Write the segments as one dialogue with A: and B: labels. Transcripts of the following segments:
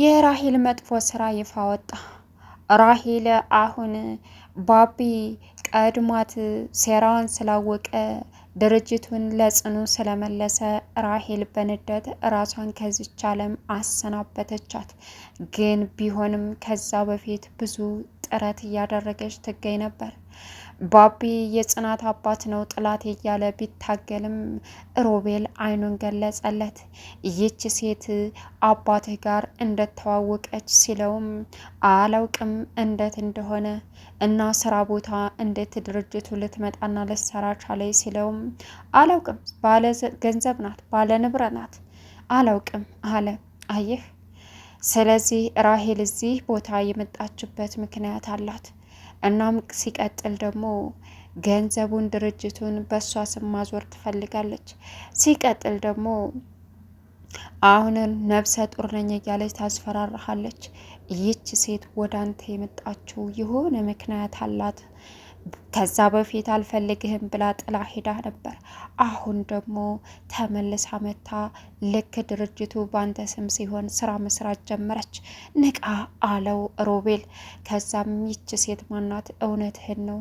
A: የራሄል መጥፎ ስራ ይፋ ወጣ። ራሄል አሁን ባቢ ቀድማት ሴራዋን ስላወቀ ድርጅቱን ለጽኑ ስለመለሰ ራሄል በንደት ራሷን ከዚች ዓለም አሰናበተቻት። ግን ቢሆንም ከዛ በፊት ብዙ ጥረት እያደረገች ትገኝ ነበር። ባቢ የጽናት አባት ነው ጥላት እያለ ቢታገልም ሮቤል አይኑን ገለጸለት። ይህች ሴት አባትህ ጋር እንደተዋወቀች ሲለውም አላውቅም እንዴት እንደሆነ እና ስራ ቦታ እንዴት ድርጅቱ ልትመጣና ልትሰራ ቻለች ሲለውም አላውቅም፣ ባለ ገንዘብ ናት፣ ባለ ንብረት ናት፣ አላውቅም አለ። አየህ፣ ስለዚህ ራሄል እዚህ ቦታ የመጣችበት ምክንያት አላት። እናም ሲቀጥል ደግሞ ገንዘቡን ድርጅቱን በእሷ ስም ማዞር ትፈልጋለች። ሲቀጥል ደግሞ አሁንን ነብሰ ጡር ነኝ እያለች ታስፈራራሃለች። ይህች ሴት ወደ አንተ የመጣችው የሆነ ምክንያት አላት። ከዛ በፊት አልፈልግህም ብላ ጥላ ሄዳ ነበር። አሁን ደግሞ ተመልሳ መታ። ልክ ድርጅቱ ባንተ ስም ሲሆን ስራ መስራት ጀመረች። ንቃ አለው ሮቤል። ከዛም ይች ሴት ማናት? እውነትህን ነው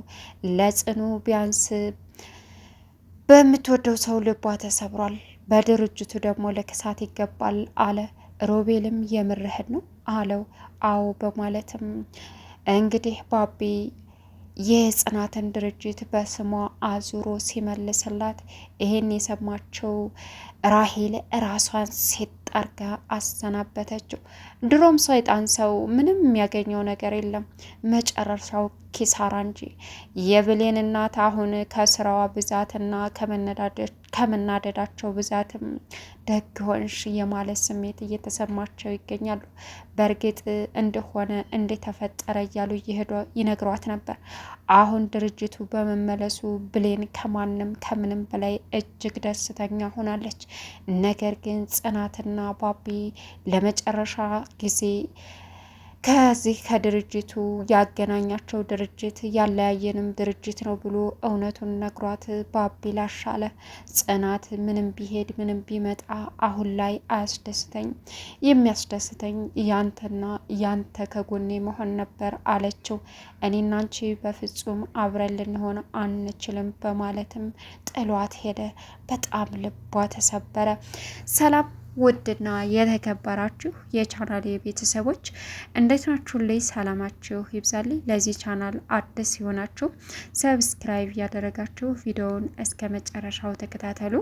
A: ለጽኑ ቢያንስ በምትወደው ሰው ልቧ ተሰብሯል። በድርጅቱ ደግሞ ለክሳት ይገባል አለ ሮቤልም የምርህን ነው አለው። አዎ በማለትም እንግዲህ ባቢ የጽናትን ድርጅት በስሟ አዙሮ ሲመልስላት ይህን የሰማችው ራሄል ራሷን ሴት ጠርጋ አሰናበተችው። ድሮም ሰይጣን ሰው ምንም የሚያገኘው ነገር የለም፣ መጨረሻው ኪሳራ እንጂ። የብሌን እናት አሁን ከስራዋ ብዛትና ከመናደዳቸው ብዛትም ደግ ሆንሽ የማለት ስሜት እየተሰማቸው ይገኛሉ። በእርግጥ እንደሆነ እንደተፈጠረ እያሉ ይነግሯት ነበር። አሁን ድርጅቱ በመመለሱ ብሌን ከማንም ከምንም በላይ እጅግ ደስተኛ ሆናለች። ነገር ግን ጽናትና ባቢ ለመጨረሻ ጊዜ ከዚህ ከድርጅቱ ያገናኛቸው ድርጅት ያለያየንም ድርጅት ነው ብሎ እውነቱን ነግሯት ባቢ ላሻለ ጽናት ምንም ቢሄድ ምንም ቢመጣ አሁን ላይ አያስደስተኝ፣ የሚያስደስተኝ ያንተና ያንተ ከጎኔ መሆን ነበር አለችው። እኔና አንቺ በፍጹም አብረን ልንሆን አንችልም በማለትም ጥሏት ሄደ። በጣም ልቧ ተሰበረ። ሰላም ውድና የተከበራችሁ የቻናል የቤተሰቦች እንዴት ናችሁ? ላይ ሰላማችሁ ይብዛልኝ። ለዚህ ቻናል አዲስ ሲሆናችሁ ሰብስክራይብ ያደረጋችሁ ቪዲዮውን እስከ መጨረሻው ተከታተሉ።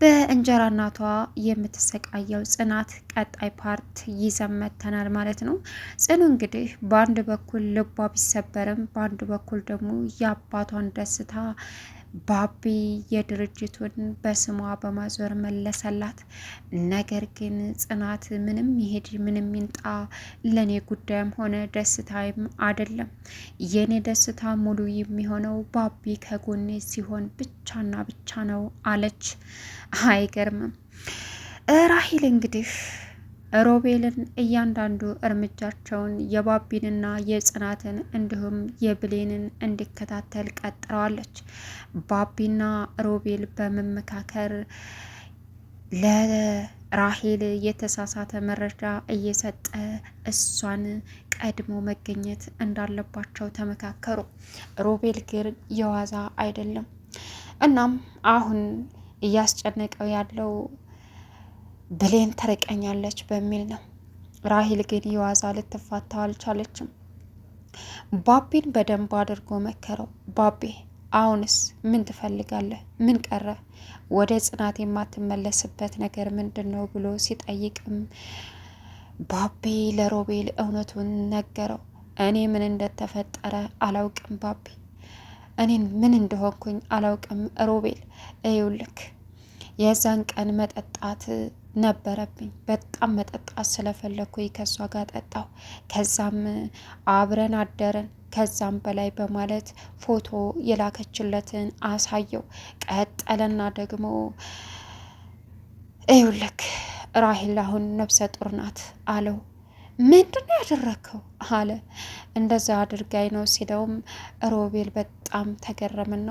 A: በእንጀራ እናቷ የምትሰቃየው ጽናት ቀጣይ ፓርት ይዘመተናል ማለት ነው። ጽኑ እንግዲህ በአንድ በኩል ልቧ ቢሰበርም፣ በአንድ በኩል ደግሞ የአባቷን ደስታ ባቢ የድርጅቱን በስሟ በማዞር መለሰላት። ነገር ግን ጽናት ምንም ይሄድ ምንም ይንጣ ለእኔ ጉዳይም ሆነ ደስታይም አይደለም። የእኔ ደስታ ሙሉ የሚሆነው ባቢ ከጎኔ ሲሆን ብቻና ብቻ ነው አለች። አይገርምም? ራሂል እንግዲህ ሮቤልን እያንዳንዱ እርምጃቸውን የባቢንና የጽናትን እንዲሁም የብሌንን እንዲከታተል ቀጥረዋለች። ባቢና ሮቤል በመመካከር ለራሄል የተሳሳተ መረጃ እየሰጠ እሷን ቀድሞ መገኘት እንዳለባቸው ተመካከሩ። ሮቤል ግን የዋዛ አይደለም። እናም አሁን እያስጨነቀው ያለው ብሌን ተረቀኛለች በሚል ነው። ራሂል ግን የዋዛ ልትፋታው አልቻለችም። ባቢን በደንብ አድርጎ መከረው። ባቤ አሁንስ ምን ትፈልጋለህ? ምን ቀረ? ወደ ጽናት የማትመለስበት ነገር ምንድን ነው ብሎ ሲጠይቅም ባቤ ለሮቤል እውነቱን ነገረው። እኔ ምን እንደተፈጠረ አላውቅም ባቤ፣ እኔን ምን እንደሆንኩኝ አላውቅም ሮቤል፣ እዩልክ የዛን ቀን መጠጣት ነበረብኝ። በጣም መጠጣት ስለፈለግኩ ከእሷ ጋር ጠጣሁ። ከዛም አብረን አደረን። ከዛም በላይ በማለት ፎቶ የላከችለትን አሳየው። ቀጠለና ደግሞ ይኸውልህ ራሂል አሁን ነፍሰ ጡር ናት አለው። ምንድነው ነው ያደረግከው አለ። እንደዛ አድርጋኝ ነው ሲለውም ሮቤል በጣም ተገረምና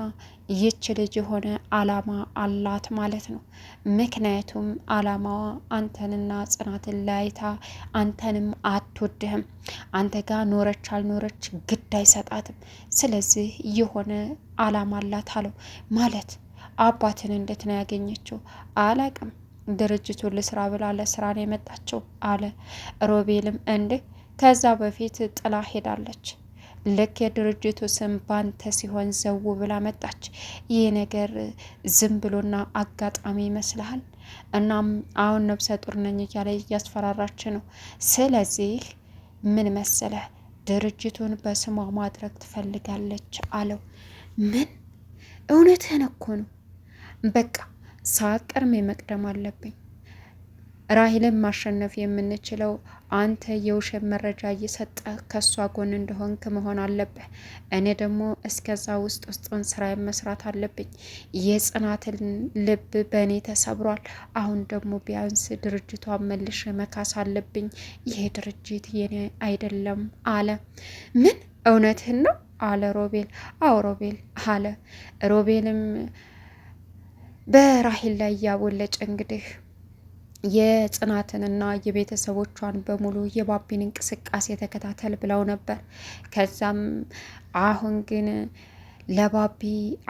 A: ይች ልጅ የሆነ አላማ አላት ማለት ነው። ምክንያቱም አላማዋ አንተንና ጽናትን ለያይታ አንተንም አትወድህም። አንተ ጋር ኖረች አልኖረች ግድ አይሰጣትም። ስለዚህ የሆነ አላማ አላት አለው ማለት አባትን እንዴት ነው ያገኘችው? አላቅም ድርጅቱ ልስራ ብላ ለስራ ነው የመጣችው አለ ሮቤልም እንዴ ከዛ በፊት ጥላ ሄዳለች ልክ የድርጅቱ ስም ባንተ ሲሆን ዘው ብላ መጣች። ይህ ነገር ዝም ብሎና አጋጣሚ ይመስልሃል? እናም አሁን ነብሰ ጡር ነኝ እያለ እያስፈራራች ነው። ስለዚህ ምን መሰለህ ድርጅቱን በስሟ ማድረግ ትፈልጋለች አለው። ምን እውነትህን እኮ ነው በቃ ሳትቀርሜ መቅደም አለብኝ። ራሂልን ማሸነፍ የምንችለው አንተ የውሸት መረጃ እየሰጠ ከእሷ ጎን እንደሆንክ መሆን አለብህ። እኔ ደግሞ እስከዛ ውስጥ ውስጡን ስራ መስራት አለብኝ። የጽናትን ልብ በእኔ ተሰብሯል። አሁን ደግሞ ቢያንስ ድርጅቷን መልሽ መካስ አለብኝ። ይሄ ድርጅት የኔ አይደለም አለ። ምን እውነትህን ነው አለ ሮቤል። አዎ ሮቤል አለ ሮቤልም በራሂል ላይ ያቦለጨ እንግዲህ የጽናትንና የቤተሰቦቿን በሙሉ የባቢን እንቅስቃሴ ተከታተል ብለው ነበር። ከዛም አሁን ግን ለባቢ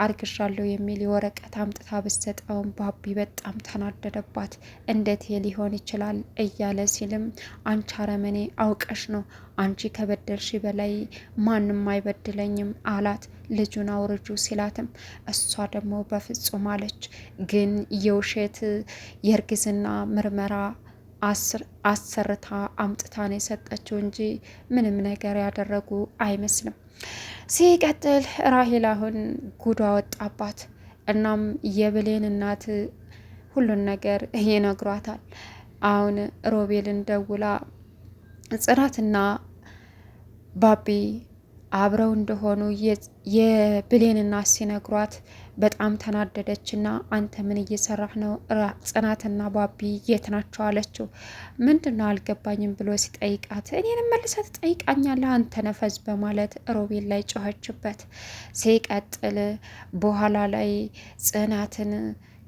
A: አርግሻለሁ የሚል የወረቀት አምጥታ ብትሰጠውም ባቢ በጣም ተናደደባት። እንዴት ሊሆን ይችላል እያለ ሲልም አንቺ አረመኔ አውቀሽ ነው አንቺ ከበደልሽ በላይ ማንም አይበድለኝም አላት። ልጁን አውርጁ ሲላትም እሷ ደግሞ በፍጹም አለች። ግን የውሸት የእርግዝና ምርመራ አሰርታ አምጥታ ነው የሰጠችው እንጂ ምንም ነገር ያደረጉ አይመስልም። ሲቀጥል ራሄል አሁን ጉዷ ወጣባት። እናም የብሌን እናት ሁሉን ነገር ይነግሯታል። አሁን ሮቤልን ደውላ ጽናትና ባቢ አብረው እንደሆኑ የብሌንና ሲነግሯት በጣም ተናደደች እና አንተ ምን እየሰራህ ነው? ጽናትና ባቢ የት ናቸው አለችው። ምንድን ነው አልገባኝም ብሎ ሲጠይቃት እኔን መልሰ ትጠይቃኛለህ አንተ ነፈዝ በማለት ሮቤል ላይ ጮኸችበት። ሲቀጥል በኋላ ላይ ጽናትን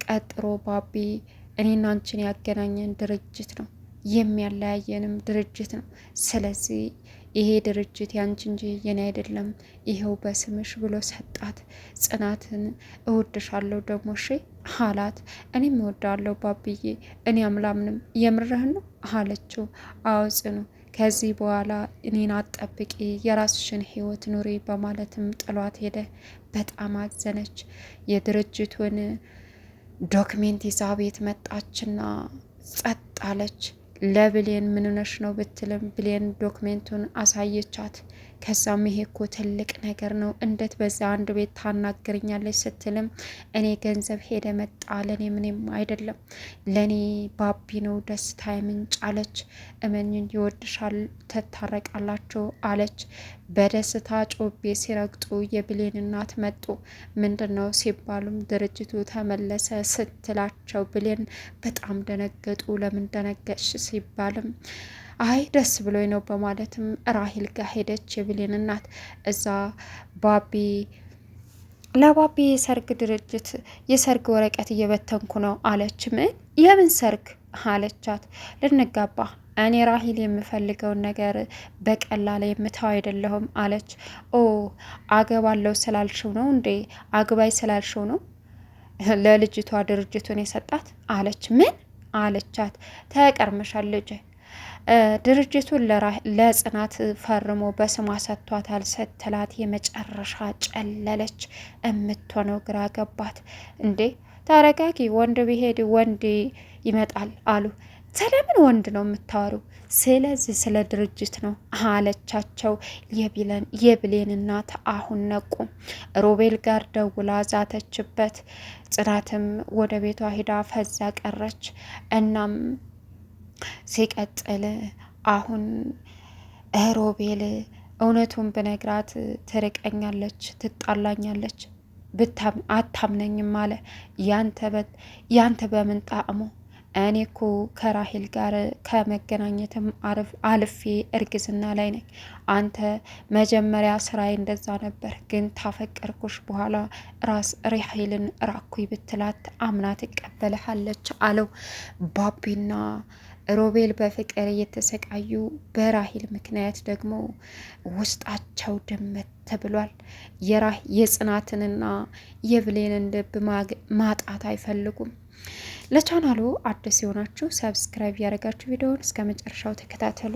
A: ቀጥሮ ባቢ እኔና አንቺን ያገናኘን ድርጅት ነው የሚያለያየንም ድርጅት ነው ስለዚህ ይሄ ድርጅት ያንቺ እንጂ የኔ አይደለም፣ ይሄው በስምሽ ብሎ ሰጣት። ጽናትን እወድሻለሁ ደግሞ ሺ አላት። እኔም እወዳለሁ ባብዬ፣ እኔ አምላምንም የምርህን ነው አለችው። አዎ ጽኑ፣ ከዚህ በኋላ እኔን አጠብቂ፣ የራስሽን ህይወት ኑሪ በማለትም ጥሏት ሄደ። በጣም አዘነች። የድርጅቱን ዶክሜንት ይዛ ቤት መጣችና ጸጥ አለች። ለብሌን ምንነሽ ነው ብትልም ብሌን ዶክሜንቱን አሳየቻት። ከዛም ይሄ እኮ ትልቅ ነገር ነው፣ እንዴት በዛ አንድ ቤት ታናግርኛለች ስትልም እኔ ገንዘብ ሄደ መጣ ለእኔ ምንም አይደለም፣ ለእኔ ባቢ ነው ደስታ የምንጭ አለች። እመኝን ይወድሻል፣ ትታረቃላችሁ አለች። በደስታ ጮቤ ሲረግጡ የብሌን እናት መጡ። ምንድን ነው ሲባሉም ድርጅቱ ተመለሰ ስትላቸው ብሌን በጣም ደነገጡ። ለምን ደነገሽ ሲባልም አይ ደስ ብሎኝ ነው በማለትም ራሂል ጋ ሄደች። የብሌን እናት እዛ ባቢ ለባቢ የሰርግ ድርጅት የሰርግ ወረቀት እየበተንኩ ነው አለች። ምን የምን ሰርግ አለቻት። ልንጋባ እኔ ራሂል የምፈልገውን ነገር በቀላል የምታው አይደለሁም አለች። ኦ አገባለው ስላልሽው ነው እንዴ? አግባይ ስላልሽው ነው ለልጅቷ ድርጅቱን የሰጣት አለች። ምን አለቻት። ተቀርመሻል ልጅ ድርጅቱን ለጽናት ፈርሞ በስሟ ሰጥቷታል ስትላት የመጨረሻ ጨለለች። የምትሆነው ግራ ገባት። እንዴ ተረጋጊ፣ ወንድ ቢሄድ ወንድ ይመጣል አሉ። ስለምን ወንድ ነው የምታወሩ? ስለዚህ ስለ ድርጅት ነው አለቻቸው። የብሌን እናት አሁን ነቁ። ሮቤል ጋር ደውላ ዛተችበት። ጽናትም ወደ ቤቷ ሂዳ ፈዛ ቀረች። እናም ሲቀጥል አሁን ሮቤል እውነቱን ብነግራት ትርቀኛለች፣ ትጣላኛለች፣ አታምነኝም አለ። ያንተ በምን ጣዕሙ? እኔ እኮ ከራሄል ጋር ከመገናኘትም አልፌ እርግዝና ላይ ነኝ። አንተ መጀመሪያ ስራዬ እንደዛ ነበር፣ ግን ታፈቀርኩሽ በኋላ ራስ ራሄልን ራኩኝ ብትላት አምና ትቀበልሃለች አለው ባቢና ሮቤል በፍቅር እየተሰቃዩ በራሂል ምክንያት ደግሞ ውስጣቸው ድመት ተብሏል። የራህ የጽናትንና የብሌንን ልብ ማጣት አይፈልጉም። ለቻናሉ አዲስ የሆናችሁ ሰብስክራይብ ያደረጋችሁ ቪዲዮውን እስከ መጨረሻው ተከታተሉ።